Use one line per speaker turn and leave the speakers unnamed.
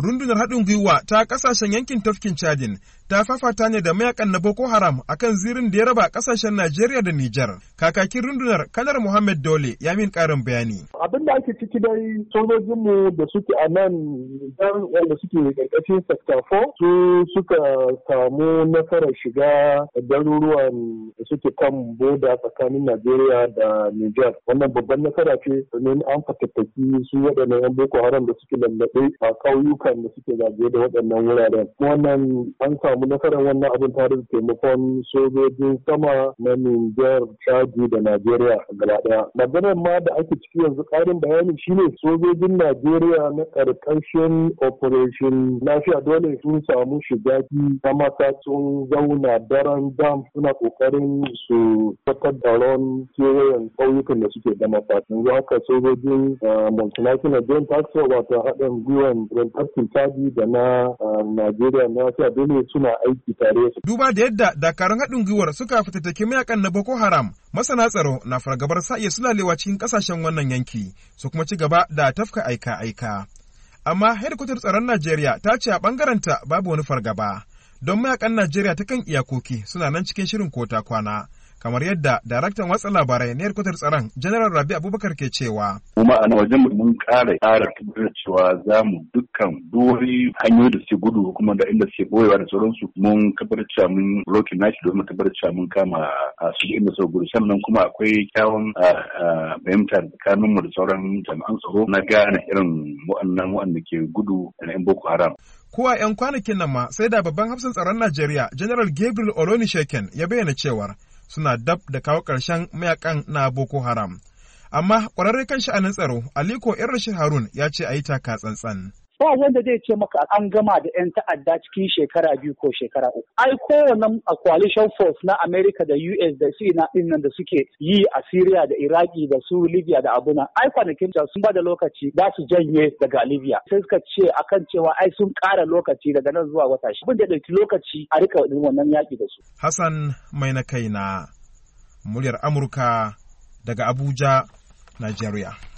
rundunar haɗin gwiwa ta ƙasashen yankin tafkin Chadin ta fafata ne da mayakan na Boko Haram akan zirin da ya raba ƙasashen Najeriya da Nijar. Kakakin rundunar Kanar Muhammad Dole ya min ƙarin bayani. Abin da ake ciki dai sojojinmu da suke a nan Nijar
wanda suke ƙarƙashin Sector 4 su suka samu nasarar shiga garuruwan da suke kan boda tsakanin Najeriya da Nijar. Wannan babban nasara ce domin an fatattaki su waɗannan 'yan Boko Haram da suke lallaɓe a ƙauyuka ayyukan da suke zagaye da waɗannan wuraren wannan an samu nasarar wannan abin tare da taimakon sojojin sama na Nijar, Chadi da Najeriya gaba ɗaya. Maganar ma da ake ciki yanzu ƙarin bayani shine sojojin Najeriya na ƙarƙashin Operation Lafiya dole sun samu shiga ta mata zauna daren dam suna ƙoƙarin su fitar da ron kewayen ƙauyukan da suke da matakin. Yanzu haka sojojin eh, multinational joint task wato haɗin gwiwan joint yankin da na ah, Najeriya na Wasa dole suna aiki tare.
Duba da yadda dakarun haɗin gwiwar suka fitattaki mayakan na Boko Haram, masana tsaro na fargabar sa iya sulalewa cikin ƙasashen wannan yanki su kuma ci gaba da tafka aika-aika. Amma hedikwatar tsaron Najeriya ta ce a ɓangarenta babu wani fargaba. Don mayakan Najeriya ta kan iyakoki suna nan cikin shirin kota kwana. kamar yadda daraktan watsa labarai na yarkutar tsaron general rabi abubakar ke cewa
kuma a wajen mun kare. ƙara tabbatar cewa za mu dukkan duwari hanyoyi da suke gudu kuma da inda suke boyewa da sauransu mun tabbatar cewa mun rokin nashi domin tabbatar cewa mun kama a su inda su gudu sannan kuma akwai kyawun fahimta tsakanin mu da sauran jami'an tsaro na gane irin wa'annan wa'anda ke gudu da 'yan boko haram
ko 'yan kwanakin nan ma sai da babban hafsan tsaron najeriya general gabriel oloni sheken ya bayyana cewar suna dab da kawo ƙarshen mayakan na Boko Haram. Amma ƙwararre kan sha'anin tsaro, Aliko Irrashi Harun ya ce a yi taka tsantsan.
ba wanda zai ce maka an gama da 'yan ta'adda cikin shekara biyu ko shekara uku. Ai kowane a coalition force na America da US da su na dinnan da suke yi a Syria da Iraki da su Libya da abuna. Ai kwanakin can sun bada lokaci za su janye daga Libya. Sai suka ce akan cewa ai sun kara lokaci daga nan zuwa wata shi. Abin da ɗauki lokaci a rika wannan yaƙi da su.
Hassan mai na kai na muryar Amurka daga Abuja, Nigeria.